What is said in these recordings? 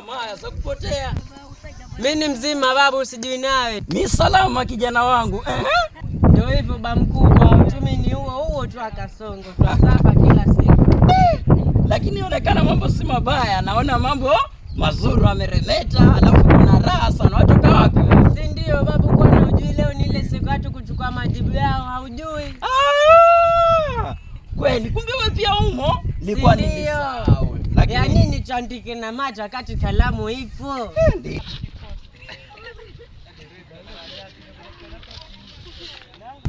maya Haya, za kupotea Mimi ni mzima babu, sijui nawe mi salama, kijana wangu. Ndio hivyo ba mkubwa, utumi ni huo huo tu, akasongo saba kila siku lakini onekana mambo si mabaya, naona mambo mazuri ameremeta, alafu kuna raha sana. Watu kawaka. si ndio babu? Kwani hujui leo ni ile siku watu kuchukua majibu yao, haujui? Ah, kweli kumbe wewe pia umo, nilikuwa nilisahau ya nini chandike na maji wakati kalamu ipo?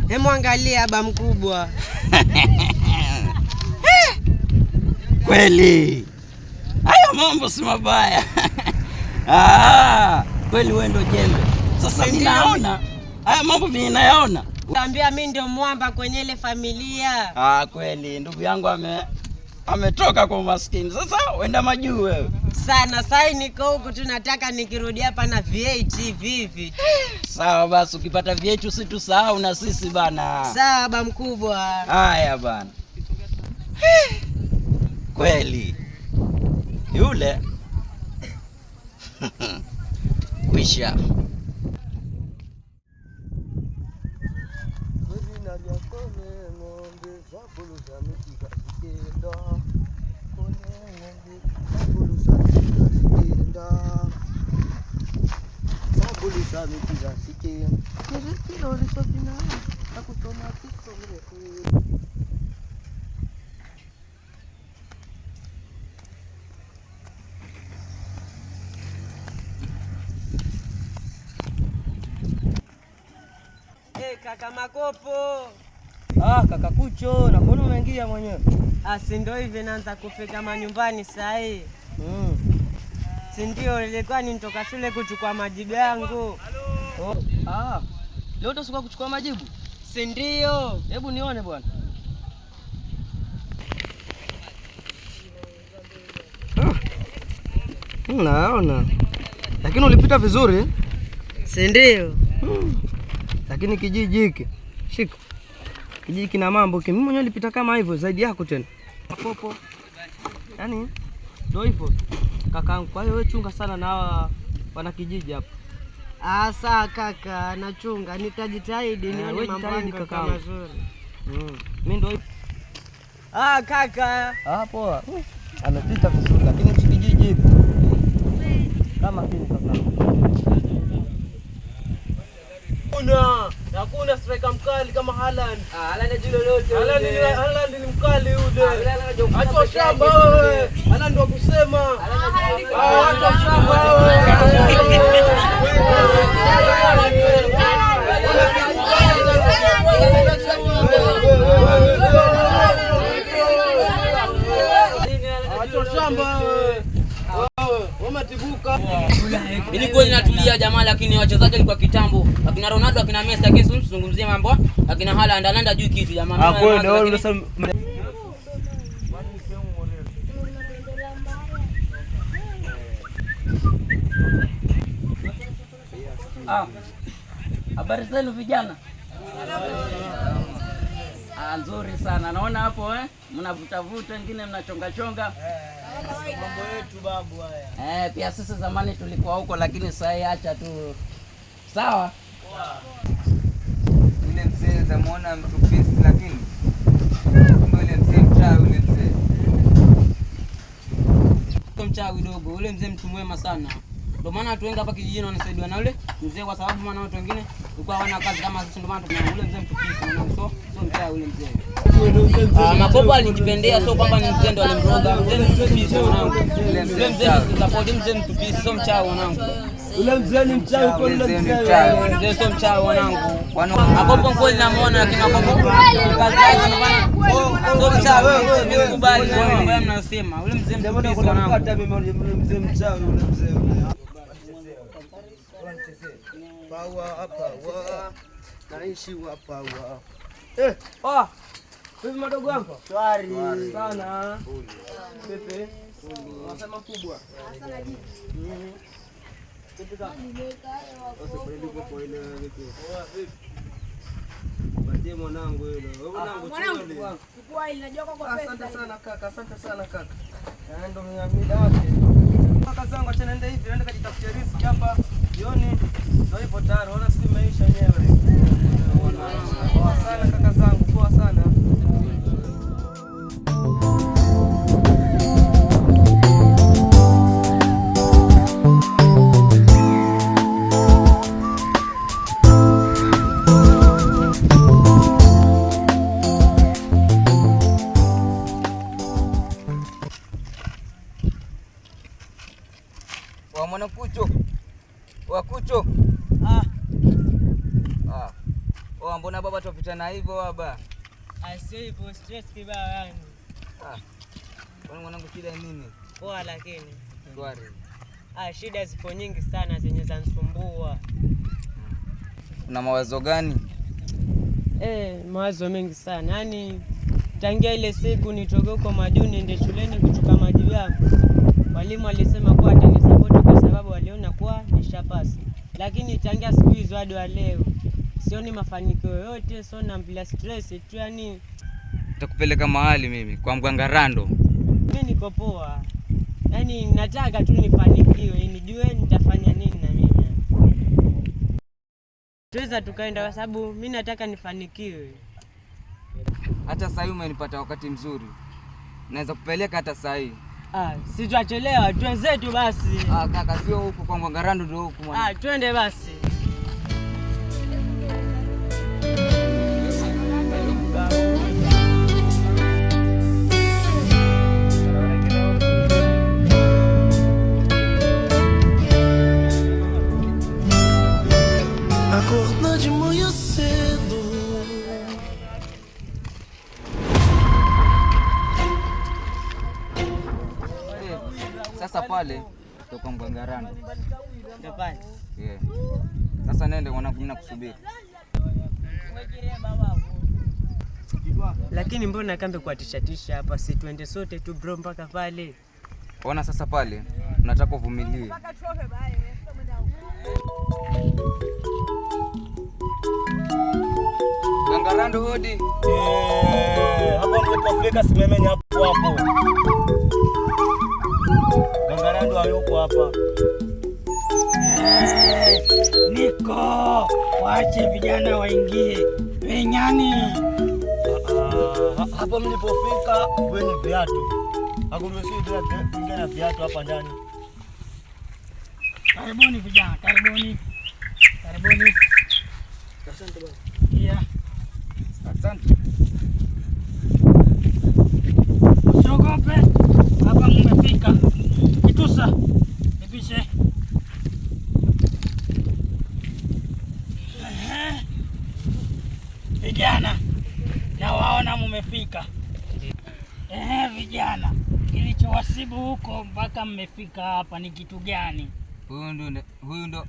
Hemwangalia aba mkubwa eh! kweli, haya mambo si mabaya ah, kweli wewe ndo jembe. Sasa ninaona haya mambo ninayaona, ambia mimi ndio mwamba kwenye ile familia ah, kweli ndugu yangu ame ametoka kwa umaskini sasa, wenda majuu wewe sana. Sai niko huku tu, nataka nikirudi hapa na VAT vivi. Sawa basi, ukipata VAT usitusahau na sisi bana. Sawa ba mkubwa. Haya bana, kweli yule kuisha Hey, euh, euh, eh, kaka Makopo. Ah, kaka Kucho, nakuona umeingia mwenyewe. Ah, si ndio hivi naanza kufika manyumbani saa hii si ndio? Ilikuwa ni nitoka shule kuchukua majibu yangu. Oh. Ah, leo utasuka kuchukua majibu si ndio? Hebu nione bwana. Ah. Hmm, naona lakini ulipita vizuri eh? si ndio? Hmm. Lakini kijiji hiki shika, kijiji kina mambo. Mimi mwenyewe nilipita kama hivyo zaidi yako tena popo, yaani ndio hivyo kakangu. Kwa hiyo wewe chunga sana na hawa wanakijiji hapa. Ah, sawa kaka, nachunga, nitajitahidi eh, nione mambo yangu mazuri. Mm. Mimi ndio Ah, kaka. Ah, poa. Anapita vizuri lakini kijiji hivi. Kama kile kaka. Una Hakuna striker mkali kama Haaland. Ah, Haaland hajui lolote. Ah, ah, Haaland ni Haaland ni mkali yule. Acha shamba wewe. Ah, Haaland wa kusema. Acha shamba wewe. lakini wachezaji walikuwa kitambo, akina Ronaldo, akina Messi, lakini msizungumzie mambo akina Haaland, Haaland juu kitu jamani. Ah, ah, habari zenu vijana? Ah, nzuri sana naona hapo eh, mnavutavuta, wengine mnachongachonga Eh, pia sisi zamani tulikuwa huko, lakini sasa acha tu sawa. Ile mzee zamwona mtu pisi, lakini yule mzee mchawi, ule mzee mchawi dogo, ule mzee mtu mwema sana. Ndio maana watu wengi hapa kijijini wanasaidiwa na ule mzee, kwa sababu maana watu wengine walikuwa hawana kazi kama sisi, ndio maana tunaona ule mzee mtu pisi, so so mchawi ule mzee Ah, makopo alinipendea, so kwamba ni mzee ndo alimroga mzee, so mchawi wanangu ule mzee ni mchawi kwa ule mzee sio mchawi wanangu. Makopo kweli namuona, lakini makopo kazi yake sio mchawi. Wewe mimi kubali kwa mambo mnayosema, ule mzee ndio wanangu. Hata mimi mzee mchawi ule mzee pawa hapa naishi hapa wa eh oh Hivi madogo wako? Shwari sana. Pepe. Unasema kubwa. Asante sana kaka, asante sana kaka. Yaani eh, mnyamida wake. Kaka zangu acha nende hivi, nenda kajitafutia riziki hapa. Jioni. Ndio ipo tayari. Ona siku imeisha yenyewe. wa mwanakucho wakucho ah. Ah. Oh, mbona baba na hivyo baba? stress Ah. mwanangu shida nini? Poa lakini. Shwari. Ah, shida zipo nyingi sana zenye zanisumbua. Una mawazo gani? Eh, mawazo mengi sana. Yaani tangia ile siku nitoke huko majuni niende shuleni kuchuka maji yangu. Walimu alisema kwa hapa kwa sababu waliona kuwa nishapasi, lakini tangia siku hizo hadi wa leo sioni mafanikio yoyote, so nambila stress tu, yani takupeleka mahali mimi kwa mganga Rando. Mimi niko poa, yani nataka tu nifanikiwe, nijue nitafanya nini na mimi tuweza tukaenda, kwa sababu mimi nataka nifanikiwe. Hata sahii umenipata wakati mzuri, naweza kupeleka hata sahii Ah, twenzetu basi. Ah, kaka sio huku kwa Ngwarandu ndio huku mwana. Ah, twende basi. Lakini mbona kambe kuatishatisha hapa? Si twende sote tu bro mpaka pale. Ona sasa pale, nataka uvumilie. Angarando hodi. Eh, hapa ndipo Afrika simemenya hapo hapo. Angarando hayuko hapa. waache vijana waingie wenyani. Eh, uh, ah, ah, hapa mlipofika kwenye viatu hakuruhusiwi na viatu hapa ndani. Karibuni vijana, karibuni, karibuni. Asante baba. Yeah. Asante. Usiogope, hapa mmefika Kitusa. mpaka mmefika hapa ni kitu gani? Huyu ndo huyu ndo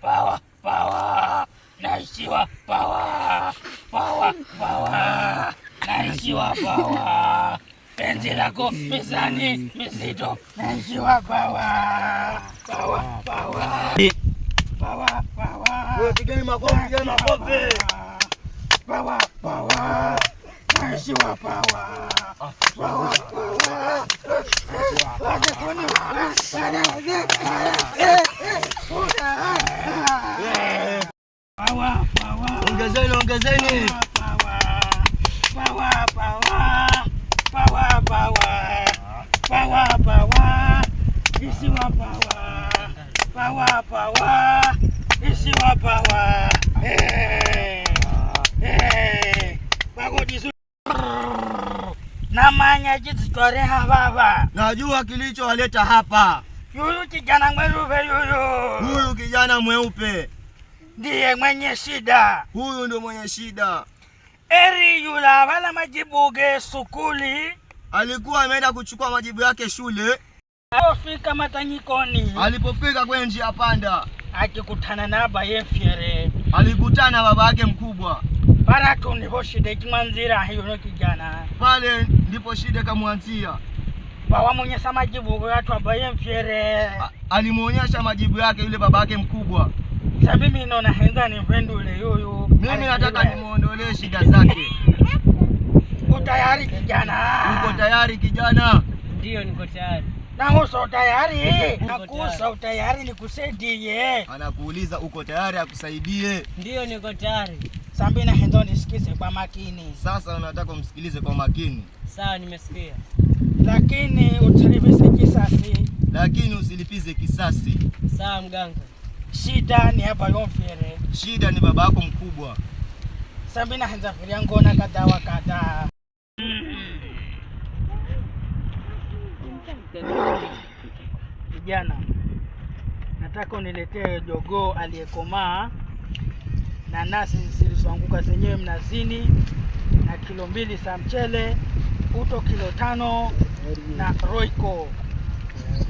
pawa pawa, naishiwa pawa pawa pawa, naishiwa pawa, penzi lako mizani mizito, naishiwa pawa pawa pawa pawa pawa, pigeni makofi, pigeni makofi, pawa pawa, naishiwa pawa pawa pawa 我得滚你妈了！Mfanya jinsi toreha baba. Najua kilichowaleta hapa. yuyu kijana mweupe yuyu. Huyu kijana mweupe ndiye mwenye shida. Huyu ndio mwenye shida. Eri yula wala majibu ge sukuli. Alikuwa ameenda kuchukua majibu yake shule. Alipofika matanyikoni. Alipofika kwenye njia panda. Akikutana na baba yefyere. Alikutana baba yake mkubwa. Baraka ndipo shida ikimwanzira hiyo no kijana. Pale ndipo shida kamwanzia. Baba mwenyesha majibu kwa watu ambaye mfiere. Alimuonyesha majibu yake yule babake mkubwa. Sasa mimi naona henza ni ile yoyo. Mimi nataka nimuondolee shida zake. Uko tayari kijana? Uko tayari kijana? Ndio niko tayari. Na uso tayari? Nakuusa utayari nikusaidie. Anakuuliza uko tayari akusaidie? Ndio niko tayari. Sambina, ndo nisikize kwa makini sasa. Unataka umsikilize kwa makini sawa? Nimesikia, lakini utilipize kisasi. Lakini usilipize kisasi, sawa mganga? Shida ni hapa Yomfere, shida ni baba yako mkubwa. Sambina hanzafiriya ngona kadha wa kadha Kijana, nataka uniletee jogoo aliyekomaa na nasi zilizoanguka zenyewe mnazini, na kilo mbili za mchele, uto kilo tano na roiko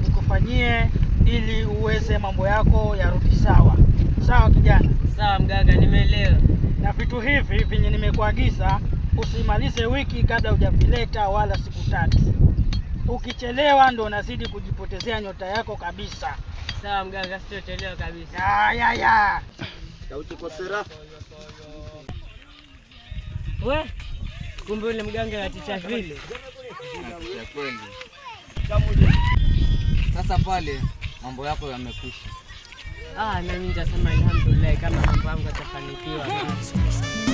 nikufanyie ili uweze mambo yako yarudi sawa. Sawa kijana? Sawa mganga, nimeelewa. Na vitu hivi vyenye nimekuagiza usimalize wiki kabla hujavileta wala siku tatu. Ukichelewa ndo unazidi kujipotezea nyota yako kabisa. Sawa mganga, sitochelewa kabisa. ya ya ya We, kumbe yule mganga aticha vile. Sasa pale mambo yako yamekwisha. Ah, nami nitasema alhamdulillah kama mambo yangu yatafanikiwa.